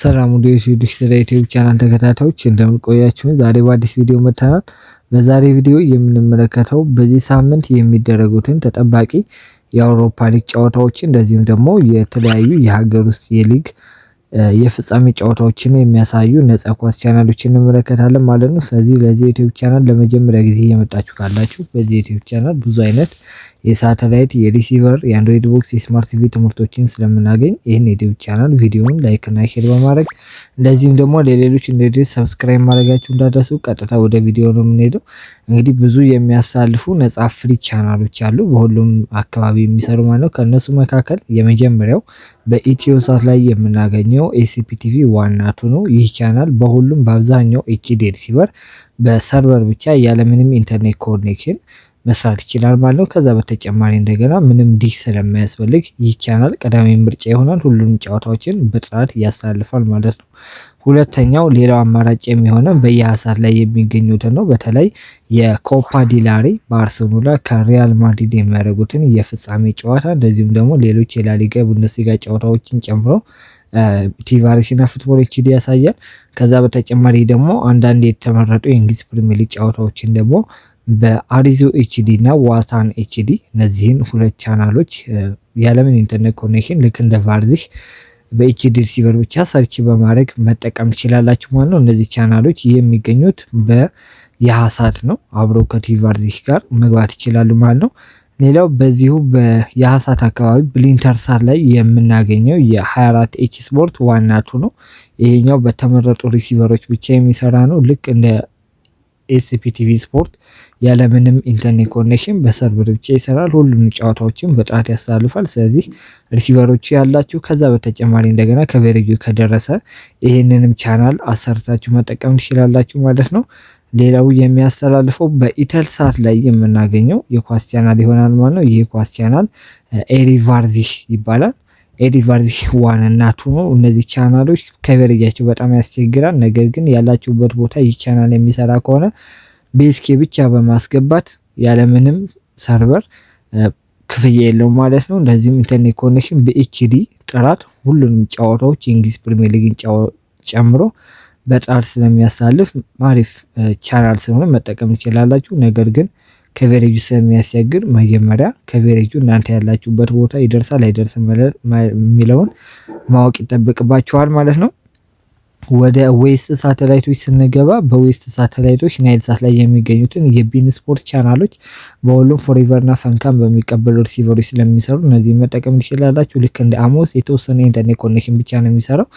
ሰላም ወደ ዩቲዩብ ስለ ዩቲዩብ ቻናል ተከታታዮች እንደምንቆያችሁን ዛሬ በአዲስ ቪዲዮ መጥተናል። በዛሬ ቪዲዮ የምንመለከተው በዚህ ሳምንት የሚደረጉትን ተጠባቂ የአውሮፓ ሊግ ጨዋታዎች እንደዚሁም ደግሞ የተለያዩ የሀገር ውስጥ የሊግ የፍጻሜ ጨዋታዎችን የሚያሳዩ ነጻ ኳስ ቻናሎችን እንመለከታለን ማለት ነው። ስለዚህ ለዚህ ዩቲዩብ ቻናል ለመጀመሪያ ጊዜ እየመጣችሁ ካላችሁ በዚህ ዩቲዩብ ቻናል ብዙ አይነት የሳተላይት፣ የሪሲቨር፣ የአንድሮይድ ቦክስ፣ የስማርት ቲቪ ትምህርቶችን ስለምናገኝ ይህን ዩቲዩብ ቻናል ቪዲዮውን ላይክ እና ሼር በማድረግ እንደዚህም ደግሞ ለሌሎች እንዲደርስ ሰብስክራይብ ማድረጋችሁ እንዳደረሱ ቀጥታ ወደ ቪዲዮ ነው የምንሄደው። እንግዲህ ብዙ የሚያሳልፉ ነጻ ፍሪ ቻናሎች አሉ በሁሉም አካባቢ የሚሰሩ ማለት ነው። ከእነሱ መካከል የመጀመሪያው በኢትዮ ሳት ላይ የምናገኘው ኤሲፒ ቲቪ ዋናቱ ነው። ይህ ቻናል በሁሉም በአብዛኛው ኤችዲ ሪሲቨር በሰርቨር ብቻ ያለምንም ኢንተርኔት ኮኔክሽን መስራት ይችላል ማለት ነው። ከዛ በተጨማሪ እንደገና ምንም ዲሽ ስለማያስፈልግ ይህ ቻናል ቀዳሚ ምርጫ ይሆናል ሁሉንም ጨዋታዎችን በጥራት ያስተላልፋል ማለት ነው። ሁለተኛው ሌላው አማራጭ የሚሆነው በየሀሳት ላይ የሚገኙትን ነው። በተለይ የኮፓ ዲላሪ ባርሴሎና ከሪያል ማድሪድ የሚያደርጉትን የፍጻሜ ጨዋታ እንደዚሁም ደግሞ ሌሎች የላሊጋ ቡንደስሊጋ ጨዋታዎችን ጨምሮ ፉትቦል ፉትቦሎችን ያሳያል። ከዛ በተጨማሪ ደግሞ አንዳንድ የተመረጡ የእንግሊዝ ፕሪሚየር ሊግ ጨዋታዎችን ደግሞ በአሪዞ ኤችዲ እና ዋልታን ኤችዲ እነዚህን ሁለት ቻናሎች ያለምን ኢንተርኔት ኮኔክሽን ልክ እንደ ቫርዚህ በኤችዲ ሪሲቨር ብቻ ሰርች በማድረግ መጠቀም ትችላላችሁ ማለት ነው። እነዚህ ቻናሎች የሚገኙት በየሀሳት ነው። አብሮ ከቲቪ ቫርዚህ ጋር መግባት ይችላሉ ማለት ነው። ሌላው በዚሁ በየሀሳት አካባቢ ብሊንተርሳት ላይ የምናገኘው የ24 ኤች ስፖርት ዋናቱ ነው። ይሄኛው በተመረጡ ሪሲቨሮች ብቻ የሚሰራ ነው ልክ እንደ ኤስፒቲቪ ስፖርት ያለምንም ኢንተርኔት ኮኔክሽን በሰርቨር ብቻ ይሰራል። ሁሉንም ጨዋታዎችን በጥራት ያስተላልፋል። ስለዚህ ሪሲቨሮቹ ያላችሁ ከዛ በተጨማሪ እንደገና ከቬሬጁ ከደረሰ ይህንንም ቻናል አሰርታችሁ መጠቀም ትችላላችሁ ማለት ነው። ሌላው የሚያስተላልፈው በኢተል ሳት ላይ የምናገኘው የኳስ ቻናል ይሆናል ማለት ነው። ይህ ኳስ ቻናል ኤሪቫርዚህ ይባላል። ኤዲቫርዚ ዋን እና ቱ ነው። እነዚህ ቻናሎች ከቨሬጃቸው በጣም ያስቸግራል። ነገር ግን ያላችሁበት ቦታ ይህ ቻናል የሚሰራ ከሆነ ቤስኬ ብቻ በማስገባት ያለምንም ሰርቨር ክፍያ የለውም ማለት ነው። እንደዚህም ኢንተርኔት ኮኔክሽን በኤችዲ ጥራት ሁሉንም ጨዋታዎች የእንግሊዝ ፕሪሚየር ሊግን ጨምሮ በጥራት ስለሚያሳልፍ አሪፍ ቻናል ስለሆነ መጠቀም ትችላላችሁ። ነገር ግን ከቬሬጁ ስለሚያስቸግር መጀመሪያ ከቬሬጁ እናንተ ያላችሁበት ቦታ ይደርሳል አይደርስም የሚለውን ማወቅ ይጠበቅባችኋል ማለት ነው። ወደ ዌስት ሳተላይቶች ስንገባ በዌስት ሳተላይቶች ናይል ሳት ላይ የሚገኙትን የቢን ስፖርት ቻናሎች በሁሉም ፎሬቨር እና ፈንካም በሚቀበሉ ሪሲቨሮች ስለሚሰሩ እነዚህ መጠቀም ትችላላችሁ። ልክ እንደ አሞስ የተወሰነ ኢንተርኔት ኮኔክሽን ብቻ ነው የሚሰራው።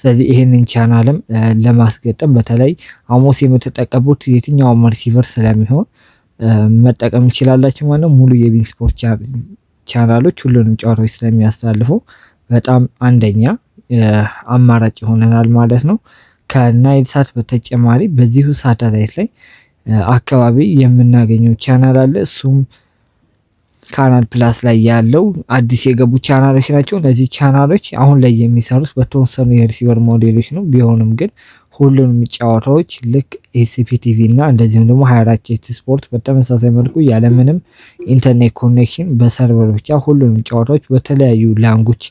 ስለዚህ ይህንን ቻናልም ለማስገጠም በተለይ አሞስ የምትጠቀሙት የትኛውም ሪሲቨር ስለሚሆን መጠቀም ትችላላችሁ ማለት ነው። ሙሉ የቢን ስፖርት ቻናሎች ሁሉንም ጨዋታዎች ስለሚያስተላልፉ በጣም አንደኛ አማራጭ ይሆነናል ማለት ነው። ከናይል ሳት በተጨማሪ በዚሁ ሳተላይት ላይ አካባቢ የምናገኘው ቻናል አለ። እሱም ካናል ፕላስ ላይ ያለው አዲስ የገቡ ቻናሎች ናቸው። እነዚህ ቻናሎች አሁን ላይ የሚሰሩት በተወሰኑ የሪሲቨር ሞዴሎች ነው። ቢሆንም ግን ሁሉንም ጨዋታዎች ልክ ቲቪ እና እንደዚሁም ደግሞ ሀያራቼት ስፖርት በተመሳሳይ መልኩ ያለምንም ኢንተርኔት ኮኔክሽን በሰርቨር ብቻ ሁሉንም ጨዋታዎች በተለያዩ ላንጎች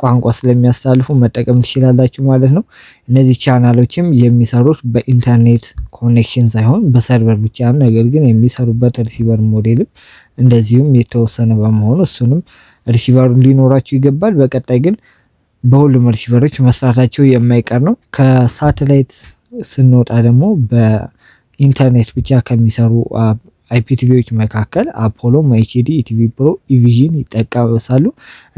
ቋንቋ ስለሚያስተላልፉ መጠቀም ትችላላችሁ ማለት ነው። እነዚህ ቻናሎችም የሚሰሩት በኢንተርኔት ኮኔክሽን ሳይሆን በሰርቨር ብቻ ነው። ነገር ግን የሚሰሩበት ሪሲቨር ሞዴልም እንደዚሁም የተወሰነ በመሆኑ እሱንም ሪሲቨር ሊኖራችሁ ይገባል። በቀጣይ ግን በሁሉም ሪሲቨሮች መስራታቸው የማይቀር ነው። ከሳተላይት ስንወጣ ደግሞ በኢንተርኔት ብቻ ከሚሰሩ አይፒ መካከል አፖሎ፣ ማይኬዲ፣ ኢቲቪ ፕሮ፣ ኢቪዥን ይጠቀሳሉ።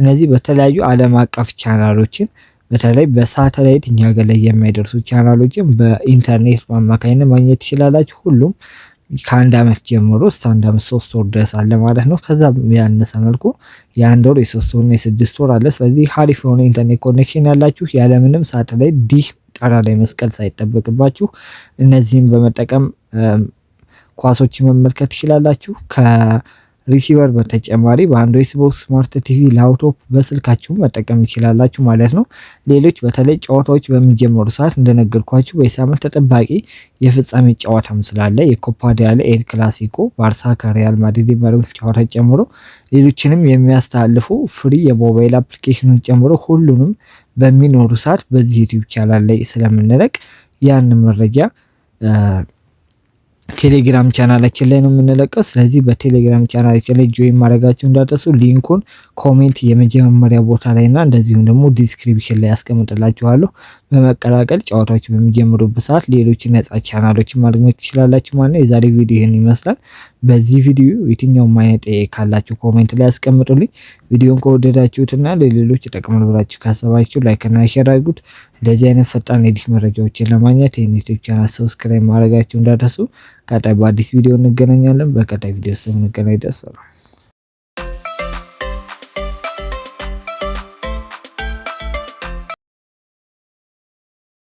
እነዚህ በተለያዩ ዓለም አቀፍ ቻናሎችን በተለይ በሳተላይት እኛ ገር የማይደርሱ ቻናሎችን በኢንተርኔት አማካኝነት ማግኘት ትችላላችሁ ሁሉም ከአንድ አመት ጀምሮ እስከ አንድ አመት ሶስት ወር ድረስ አለ ማለት ነው። ከዛ ያነሰ መልኩ የአንድ ወር የሶስት ወር የስድስት ወር አለ። ስለዚህ ሀሪፍ የሆነ ኢንተርኔት ኮኔክሽን ያላችሁ ያለምንም ሳተላይት ዲህ ጣራ ላይ መስቀል ሳይጠበቅባችሁ እነዚህም በመጠቀም ኳሶችን መመልከት ትችላላችሁ። ሪሲቨር በተጨማሪ በአንድሮይድ ቦክስ ስማርት ቲቪ፣ ላፕቶፕ በስልካችሁ መጠቀም ይችላላችሁ ማለት ነው። ሌሎች በተለይ ጨዋታዎች በሚጀምሩ ሰዓት እንደነገርኳችሁ በሳምንት ተጠባቂ የፍጻሜ ጨዋታም ስላለ የኮፓ ዴል ኤል ክላሲኮ ባርሳ ከሪያል ማድሪድ የሚያደርጉት ጨዋታ ጨምሮ ሌሎችንም የሚያስተላልፉ ፍሪ የሞባይል አፕሊኬሽኖች ጨምሮ ሁሉንም በሚኖሩ ሰዓት በዚህ ዩቲዩብ ቻናል ላይ ስለምንለቅ ያን መረጃ ቴሌግራም ቻናላችን ላይ ነው የምንለቀው። ስለዚህ በቴሌግራም ቻናላችን ላይ ጆይን ማድረጋችሁ እንዳደረሱ ሊንኩን ኮሜንት የመጀመሪያ ቦታ ላይ እና እንደዚሁም ደግሞ ዲስክሪፕሽን ላይ ያስቀምጥላችኋለሁ። በመቀላቀል ጨዋታዎች በሚጀምሩበት ሰዓት ሌሎችን ነጻ ቻናሎችን ማግኘት ትችላላችሁ ማለት ነው። የዛሬ ቪዲዮ ይህን ይመስላል። በዚህ ቪዲዮ የትኛውም አይነት ጥያቄ ካላችሁ ኮሜንት ላይ ያስቀምጡልኝ። ቪዲዮን ከወደዳችሁትና ለሌሎች ይጠቅማል ብላችሁ ካሰባችሁ ላይክና ሼር አድርጉት። እንደዚህ አይነት ፈጣን የዲሽ መረጃዎችን ለማግኘት ይህን ዩቲዩብ ቻናል ሰብስክራይብ ማድረጋችሁ እንዳደሱ። ቀጣይ በአዲስ ቪዲዮ እንገናኛለን። በቀጣይ ቪዲዮ ስም እንገናኝ። ደስ ነው